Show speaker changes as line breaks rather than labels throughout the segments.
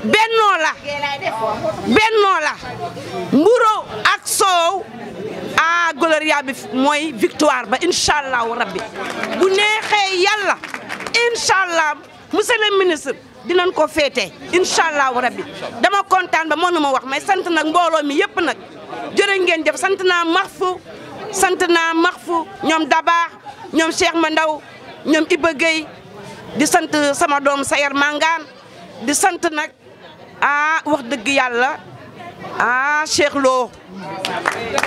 bennoo la bennoo mburo ak soow a gloria bi mooy victoire ba incha allahu rabbi bu neexee yàlla incha allah monsieur le ministre dinañ ko féetee incha allahu rabbi dama kontaan ba mënu ma wax may sant nag mbooloo mi yëpp nag jërë ngeen jëf sant naa Maxfu sant na max fu ñoom Dabaax ñoom Cheikh Mandaw ñoom Iba Gueye di sant sama doom Sayar Mangane di sant nag ah wax dëgg yàlla ah Cheikh Lo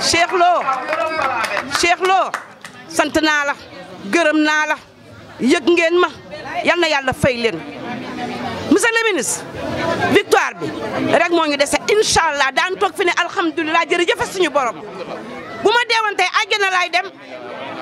Cheikh Lo sant naa la gërëm naa la yëg ngeen ma yal yàlla fay leen monsieur le ministre victoire bi rek moo ñu dese incha allah daan toog fi ne alhamdulilah jërëjëf suñu borom bu ma deewoon tey àjjana laay dem.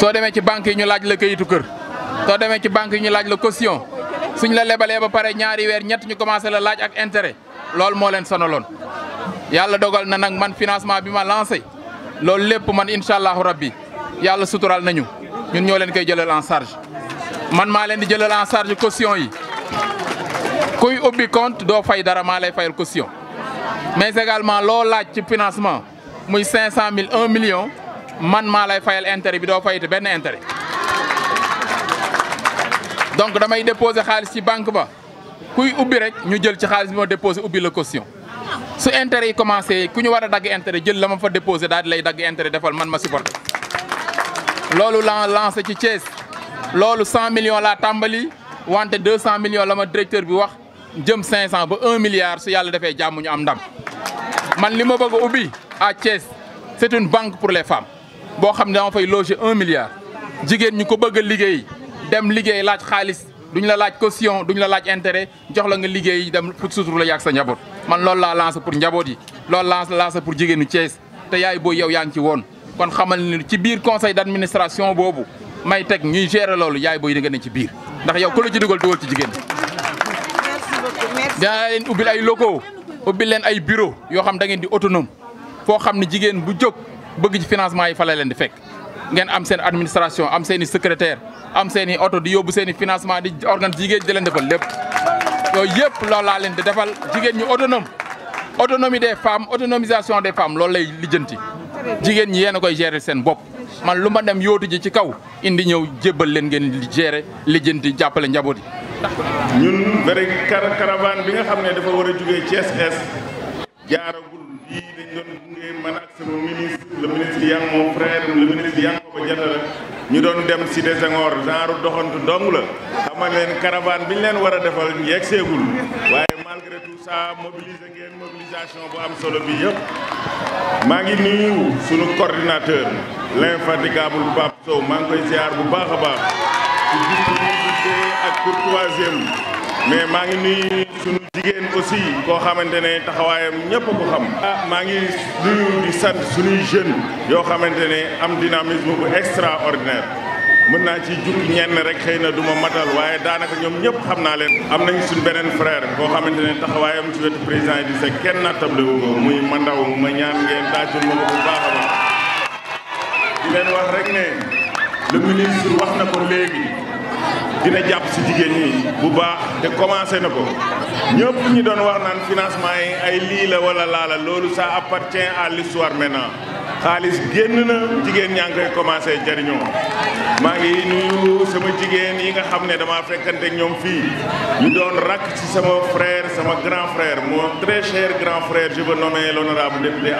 soo demee ci banque yi ñu laaj la këyitu kër soo demee ci banque yi ñu laaj la caution suñ la lebalee ba pare ñaari weer ñett ñu commencé la laaj ak intérêt loolu moo leen sonaloon. yàlla dogal na nag man financement lancé loolu lépp man rabbi yàlla sutural nañu ñun ñoo koy jëlal en charge man maa leen di jëlal en charge caution yi kuy compte doo fay dara maa lay fayal caution mais également loo laaj ci financement muy 500000 1 million man ma lay fayal intérêt bi do fayit ben intérêt donc damay déposer xaliss ci banque ba kuy ubbi rek ñu jël ci xaliss bi ma déposé ubbi la caution su intérêt yi commencé ku ñu wara dag intérêt jël lama fa déposer daal lay dag intérêt defal man ma support. lolu la lancé ci Thiès lolu 100 millions la tambali, wante 200 millions lama directeur bi wax jëm 500 ba 1 milliard su yalla défé jamm ñu am ndam man li ma bëgg a à Thiès c'est une banque pour les femmes. boo xam ne dama fay loger un milliard jigéen ñu ko bëgg a liggéey dem liggéey laaj xaalis duñ la laaj caution duñ la laaj intérêt jox la nga liggéey dem pour sutur la yàgg sa njaboot. man lool la lancé pour njaboot yi lool laa lancé pour jigéenu Thiès te yaay booy yow yaa ngi ci woon kon xamal ni ci biir conseil d'administration boobu may teg ñuy gérer loolu yaay booy di nga ne ci biir ndax yow ku la ci dugal dugal ci jigéen. dinaa leen ubbil ay locaux ubbil leen ay bureau yoo xam da ngeen di autonome foo xam ne jigéen bu jóg. bëgg ci financement yi fala leen di fekk ngeen am seen administration am seeni i secrétaire am seen i oto di yóbbu seen i financement di organe jigéen di leen defal lépp yooyu yëpp loolu laa leen di defal jigéen ñu autonome autonomie des femmes autonomisation des femmes loolu lay lijjanti jigéen ñi yéen a koy gérer seen bopp man lu ma dem yóotu ji ci kaw indi ñëw jébbal leen ngeen di gérer lijjanti jàppale njaboot yi.
ñun vrai caravane bi nga xam ne dafa war a jugee Thiès jaaragul bii dañ doon gunge man ak sama ministre. le ministre Yang mon frère le ministre Yang ko jënd la ñu doon dem Cité Senghor genre doxantu dong la xamal leen bi ñu leen war a defal yegg seegul waaye malgré tout ça mobiliser ngeen mobilisation bu am solo bi yëpp maa ngi nuyu sunu coordinateur l'infatigable Pape Sow maa ngi koy ziar bu baax a baax ci disponibilité ak courtoisie mais maa ngi nuyu suñu jigéen aussi koo xamante ne taxawaayam ñëpp ko xam. ah maa ngi nuyu di sant suñuy jeunes yoo xamante ne am dynamisme bu ordinaire mën naa ci jukk ñenn rek xëy na du ma matal waaye daanaka ñoom ñëpp xam naa leen. am nañ suñ beneen frère koo xamante ne taxawaayam ci wetu président yi di se kenn nattable wu ko muy mandaw ma ñaan ngeen daajul ma ko bu baax a leen wax rek ne ministre wax na ko léegi. dina jàpp si jigéen ñi bu baax te commencé na ko ñëpp ñu doon wax naan financement yi ay lii la wala laa la loolu ça appartient à l'histoire maintenant xaalis génn na jigéen ñaa ngi koy commencé jariñoo maa ngi nuyu sama jigéen yi nga xam ne dama fekkante ñoom fii ñu doon rakk ci sama frère sama grand frère mon très cher grand frère je veux nommer l'honorable député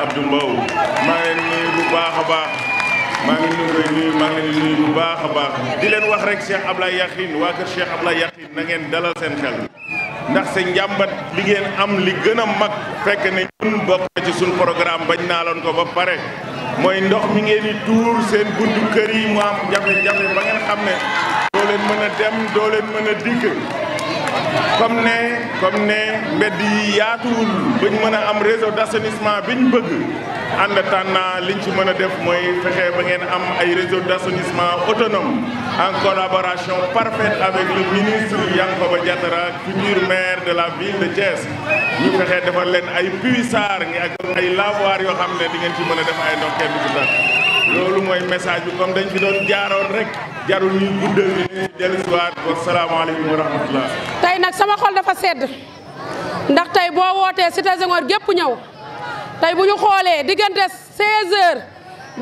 maa ngi nuyu bu baax a baax maa ngi leen koy nuyu maa ngi leen di bu baax a baax di leen wax rek Cheikh Ablaye Yakhine waa kër Cheikh Ablaye Yakhine na ngeen dalal seen xel ndax sa njàmbat li ngeen am li gën a mag fekk ne ñun bokk na ci suñu programme bañ naa loon ko ba pare mooy ndox mi ngeen di tuur seen buntu kër yi mu am jafe-jafe ba ngeen xam ne doo leen mën a dem doo leen mën a dikk comme ne comme ne mbedd yi yaatuwul bañ mën a am réseau d'assainissement bi ñu bëgg ànd tànnaa liñ ci mën a def mooy fexe ba ngeen am ay réseau d'assainissement autonome en collaboration parfaite avec le ministre Yankhoba Diattara futur maire de la ville de Thiès ñu fexe defal leen ay puissards ngi ak ay lavoir yoo xam ne di ngeen ci mën a def ay ndox du ci loolu mooy message bi comme dañ ci doon jaaroon rek jarul ñuy guddal ni dellusiwaat wa salaamaaleykum wa
tey nag sama xol dafa sedd ndax tey boo wootee cité Senghor gépp ñëw tey bu ñu xoolee diggante 16h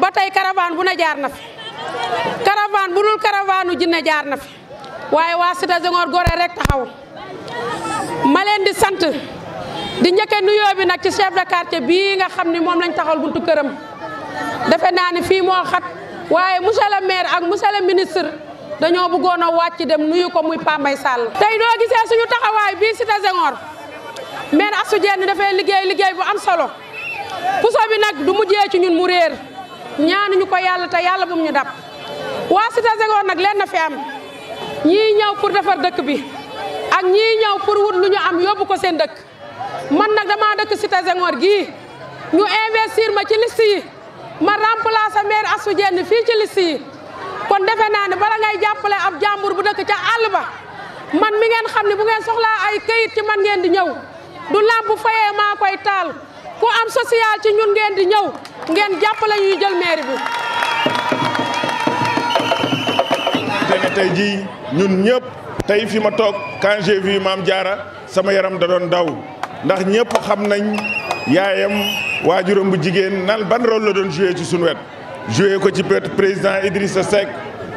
ba tey caravane bu ne jaar na fi caravane bu dul caravane u jinne jaar na fi waaye waa cité Senghor gore rek taxaw ma leen di sant di njëkkee nuyoo bi nag ci chef de quartier bii nga xam ni moom lañ taxawal buntu këram defe naa ni fii moo xat waaye monsieur le maire ak monsieur le ministre. dañoo bëggoon a wàcc dem nuyu ko muy Pambay Sall tey doo gisee suñu taxawaay bii Cité Senghor maire Astou Dieng dafay liggéey liggéey bu am solo puso bi nag du mujjee ci ñun mu réer ñu ko yàlla te yàlla bu mu ñu dab waa Cité Senghor nag leen na fi am ñii ñëw pour defar dëkk bi ak ñii ñëw pour wut lu ñu am yóbbu ko seen dëkk man nag damaa dëkk Cité Senghor gii ñu investir ma ci liste yi ma remplacer maire Astou Dieng fii ci liste kon defe naa ne bala ngay jàppale ab jàmbur bu dëkk ca àll ba man mi ngeen xam ne bu ngeen soxlaa ay këyit ci man ngeen di ñëw du làmp fayee maa koy taal ku am social ci ñun ngeen di ñëw ngeen jàppale ñuy jël mairie bi.
te tey jii ñun ñëpp tey fi ma toog quand j'ai vu Maam Jaara sama yaram da doon daw ndax ñëpp xam nañ yaayam waajuram bu jigéen nal ban rôle doon joué ci suñu wet. joué ko ci président Idrissa Seck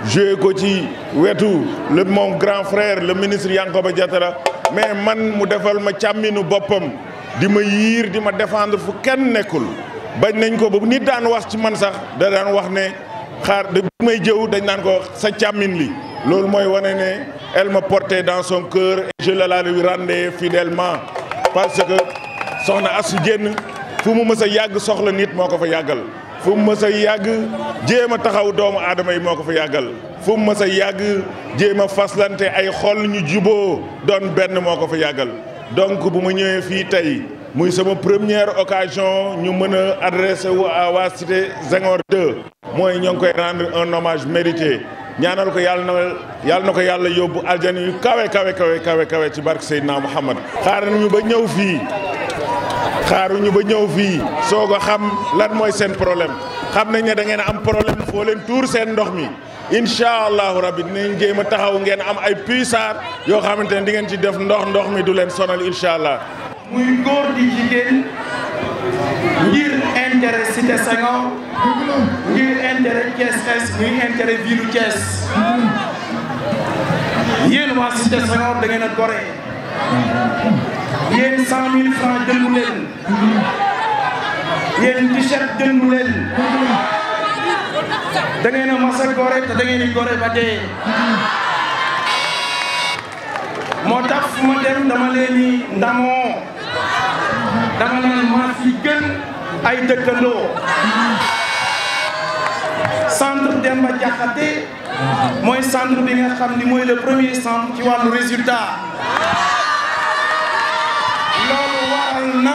joué ko ci wetu le mon grand frère le ministre Yankoba Diatara mais man mu defal ma càmminu bopam di ma dima di ma défendre fu kenn nekul bañ nañ ko ba nit daan wax ci man sax da daan wax né xaar de bi may jëw dañ nan ko sa chamine li loolu moy wane né elle me portait dans son cœur et je la lui rendais fidèlement parce que soxna asu génn fu mu mës yag yàgg soxla nit moko fa yagal fu mu mës a yàgg jéem a taxaw doomu aadama yi moo ko fa yàggal fu mu mës a yàgg jéem a faslante ay xol ñu juboo doon benn moo ko fa yàggal donc bu ma ñëwee fii tey muy sama première occasion ñu mën a adressé wu à waa cité Senghor 2 mooy ñoo ngi koy rendre un hommage mérité ñaanal ko yàlla na yàlla na ko yàlla yóbbu aljana yu kawe kawe kawe kawe kawe ci barke Seydina Muhammad xaar nañu ba ñëw fii xaaruñu ba ñew fi soog xam lan moy sen problème xam nañ ne da ngeen am problème fo leen tour sen ndox mi inshallah rabbi ne ngeen ma taxaw ngeen am ay puissar yo xamantene di ngeen ci def ndox ndox mi du leen sonal inshallah muy góor di jigen
ngir intérêt Cité sango ngir intérêt Thiès muy intérêt ville Thiès yeen wa Cité sango da ngeen a gore yéen cent mille francs jëndu leen yéen t-shirt jëndu leen da ngeen a gore te da gore ba dee moo tax fu ma dem dama leen di ndamoo dama leen maa fi gën ay dëkkandoo centre Demba Diakhaté mooy centre bi nga xam ni mooy le premier centre ci wàllu résultat kon na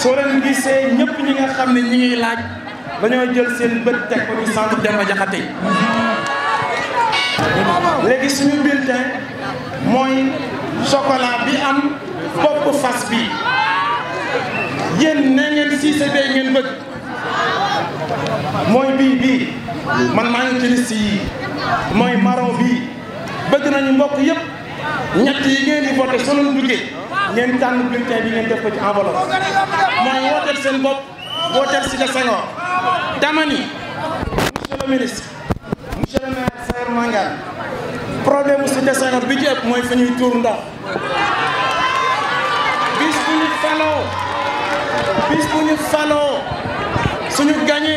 soo leen gisee ñëpp ñi nga xam ne ñi ngi laaj dañoo jël seen bët teg ko ci centre Demba Diakhaté léegi suñu bulletin mooy chocolat bi am bopp fas bi yéen ne ngeen siise bee ngeen bëgg mooy bii bii man maa ngi ci yi mooy marron bii bëgg nañu mbokk yëpp ñett yi ngeen di voté soo leen duggee ngeen tànn bulletin bi ngeen def ko ci enveloppe mooy wooteel seen bopp wooteel si la Senghor dama ni monsieur le ministre monsieur le maire Saër Mangane problème bi ci mooy fa ñuy tuur bis bu ñu faloo bis ñu faloo suñu gagné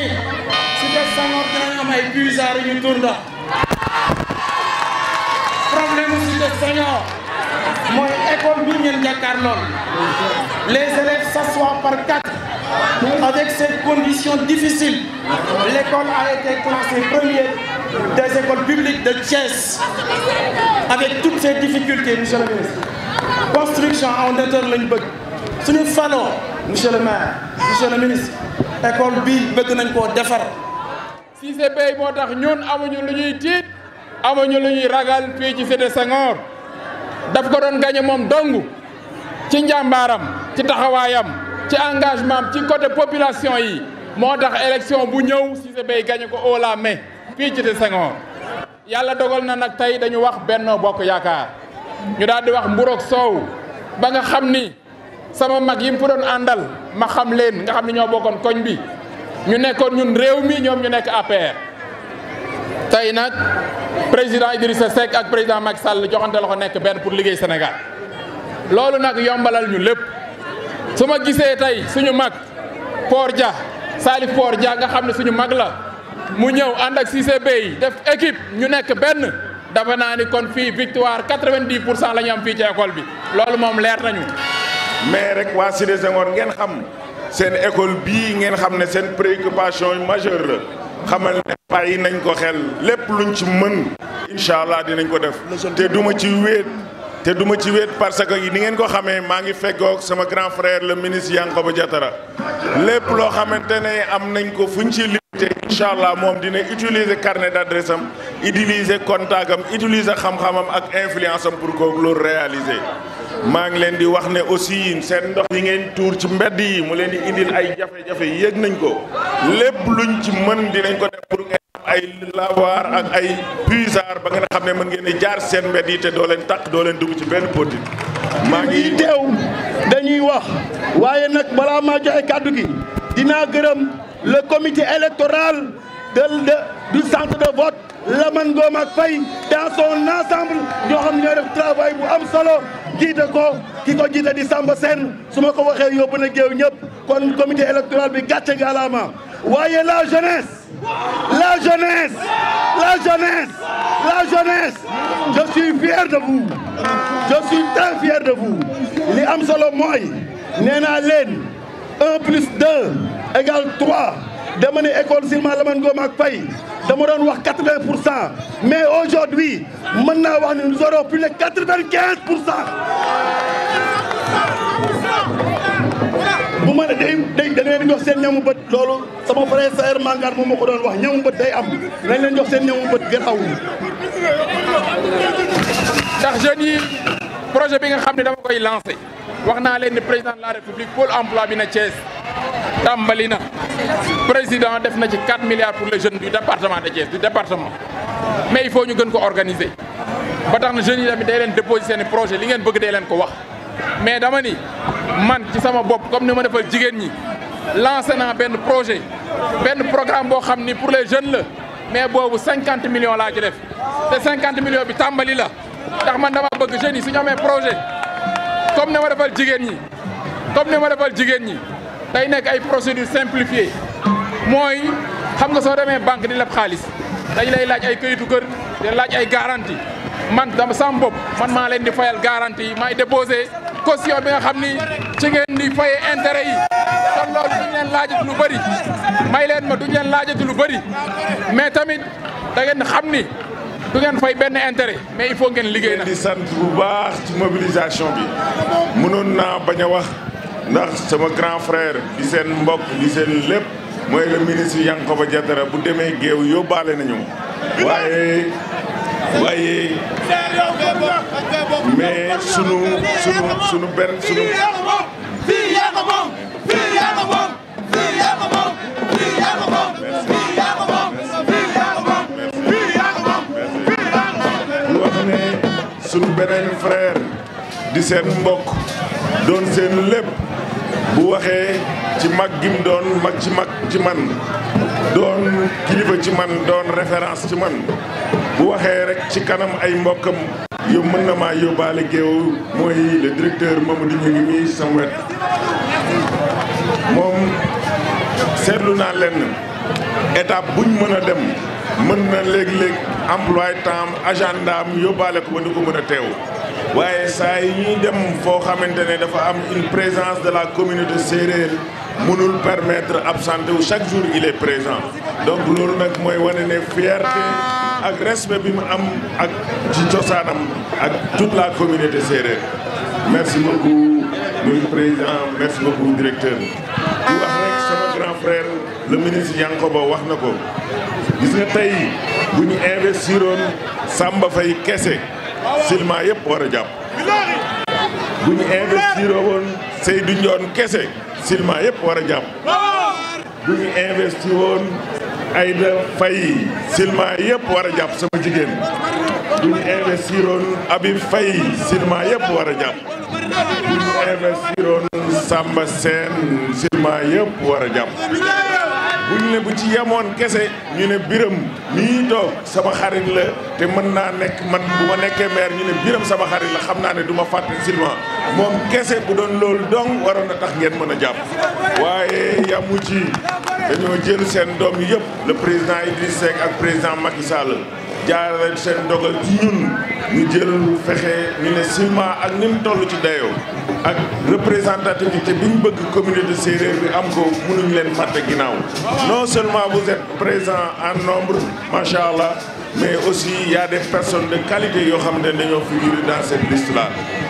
Cité Senghor dinañ am ay puisards yu ñu tuur école les élèves s'assoient par quatre avec cette condition difficile l'école a été classée première des écoles publiques de Thiès avec toutes ces difficultés monsieur le ministre construction en monsieur le maire monsieur le ministre école bi
nañ daf ko doon gañe mom dong ci njambaram ci taxawayam ci engagement ci côté population yi motax élection bu ñëw Cissé bay gañe ko haut la main fii ci te Senghor yàlla dogal na nak tay dañu wax Benno Bokk Yaakaar ñu dal di wax mburok sow ba nga xamni sama mag yi mu doon andal ma xam leen nga xam ni ñoo bokkoon koñ bi ñu nekkoon ñun réew mi ñom ñu nekk APR tey nag président Idrissa Seck ak président Macky Sall joxante loxo nekk benn pour liggéey Sénégal loolu nag yombalal ñu lépp su ma gisee tey suñu mag Por ja Salif Por Dia nga xam ne suñu mag la mu ñëw ànd ak CCB yi def équipe ñu nekk benn dafa naa ni kon fii victoire 90 pour cent la ñu am fii ci école bi loolu moom leer nañu.
mais rek waa Cité Senghor ngeen xam seen école bii ngeen xam ne seen préoccupation majeure la. xamal ne bàyyi nañ ko xel lépp luñ ci mën incha allah dinañ ko def te duma ci wéet te duma ci wéet parce que yi ni ngeen ko xamee maa ngi feggoog sama grand frère le ministre Yankhoba Diattara lépp loo xamante ne am nañ ko fu ñu ci limité incha allah moom dina utiliser carnet d' adresse am utiliser contact am utiliser xam-xamam ak influence am pour kook loolu réaliser maa ngi leen di wax ne aussi seen ndox yi ngeen tuur ci mbedd yi mu leen di indil ay jafe-jafe yéeg nañ ko lépp luñ ci mën dinañ ko def pour ngeen am ay lavoir ak ay puisard ba ngeen xam ne mën ngeen di jaar seen mbedd yi te doo
leen takk doo leen dugg ci benn politique. maa ngi teew dañuy wax waaye nag balaa maa joxe kàddu gi dinaa gërëm le comité électoral. de, de, du centre de vote Lamane Ngom ak Faye dans ñoo xam ne def travail bu am solo jiite ko ki ko jiite di Samba Sène su ma ko waxee yóbbu na géew ñëpp kon comité électoral bi gàcce gàllaama waaye la jeunesse la jeunesse la jeunesse la jeunesse je suis fier de vous je suis très de vous li am solo mooy nee naa leen un dama ne école Silema Lamine Ngom ak Faye dama doon wax quatre vingt pour cent mais aujourd'hui mën naa wax ne nous aurons plus de quatre vingt quinze pour cent. bu ma ne day day da leen jox seen ñamu bët loolu sama frère Saër Mangar moom moo ko doon wax ñamu bët
day am nañ leen jox seen ñamu bët gën aw. ndax jeunes yi projet bi nga xam ne dama koy lancé wax naa leen ni président de la république pôle emploi bi na Thiès tàmbali na. président def na ci 4 milliards pour les jeunes du département de Thiès du département mais il faut ñu gën ko organiser ba tax na jeunes yi day déposer seen projet li ngeen bëgg day ko wax mais dama ni man ci sama comme ni ma defal jigen ñi lancé un ben projet un programme pour les jeunes la mais bobu 50 millions la ci def té 50 millions bi tambali la tax man dama bëgg jeunes yi projet comme ni ma defal jigen ñi comme ni ma defal jigen ñi. day nekk ay procédure simplifiée mooy xam nga soo demee banque di leb xaalis dañ lay laaj ay këyitu kër dañ laaj ay garantie man dama sama bopp man maa leen di fayal garantie yi maay déposé caution bi nga xam ni ci ngeen di faye intérêt yi kon loolu duñ leen laajati lu bëri may leen ma duñ leen laajati lu bëri mais tamit da ngeen xam ni du ngeen fay benn intérêt mais il faut ngeen liggéey na di sant
bu baax ci mobilisation bi mënoon naa bañ a wax ndax sama grand frère di seen mbokk di seen lépp mooy le ministre Yankhoba Diattara bu demee géew yóbbaale nañu waaye waaye mais sunu sunu benn sunu sunu beneen di seen mbokk doon seen lépp bu waxee ci mag gim doon mag ci mag ci man doon kilifa ci man doon référence ci man bu waxee rek ci kanam ay mbokkam yow mën na maa yóbbaale géew mooy le directeur Mamadou ñu ngi nii sama moom seetlu naa lenn étape buñ mën a dem mën na léegi léeg emploi temps agendaam yóbbaale ko ba du ko mën a teew waaye saa yi ñuy dem foo xamante ne dafa am une présence de la communauté séeréer mënul permettre absenté wu chaque jour il est présent donc loolu nag mooy wane ne fierté ak respect bi mu am ak ci cosaanam ak toute la communauté séeréer merci beaucoup monsieur le président directeur bu wax rek sama grand frère wax na ko gis nga tey bu ñu investiroon Samba fay kese silma yëpp war a jàpp bu ñu investir woon Seydou kese silma yëpp war a jàpp bu ñu investir woon Aïda Faye silma yëpp war a jàpp sama jigéen bu ñu investir woon Habib Faye silma yëpp war a jàpp bu ñu Samba Sène silma yëpp war a jàpp bu ñu ne bu ci yemoon kese ñu ne biram mii toog sama xarit la te mën naa nekk man bu ma nekkee maire ñu ne biram sama xarit la xam naa ne du ma fàtte Silma moom kese bu doon loolu dong waroon na tax ngeen mën a jàpp waaye yamu ci dañoo jël seen doom yi yëpp le président Idriss Seck ak président Macky Sall jaarale seen dogal ci ñun ñu jël fexe ñu ne Silema ak ni mu toll ci dayoo ak représentativité bi ñu bëgg communauté séeréer bi am ko mënuñ leen fàtte ginnaaw non seulement vous êtes présent en nombre macha allah mais aussi y a des personnes de qualité yoo xam ne dañoo figurer dans cette liste là.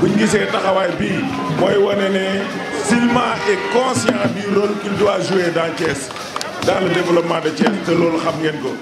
bu ñu gisee taxawaay bii mooy wane Silma est conscient du rôle qu'il doit jouer dans Thiès dans le développement de Thiès te loolu xam ko.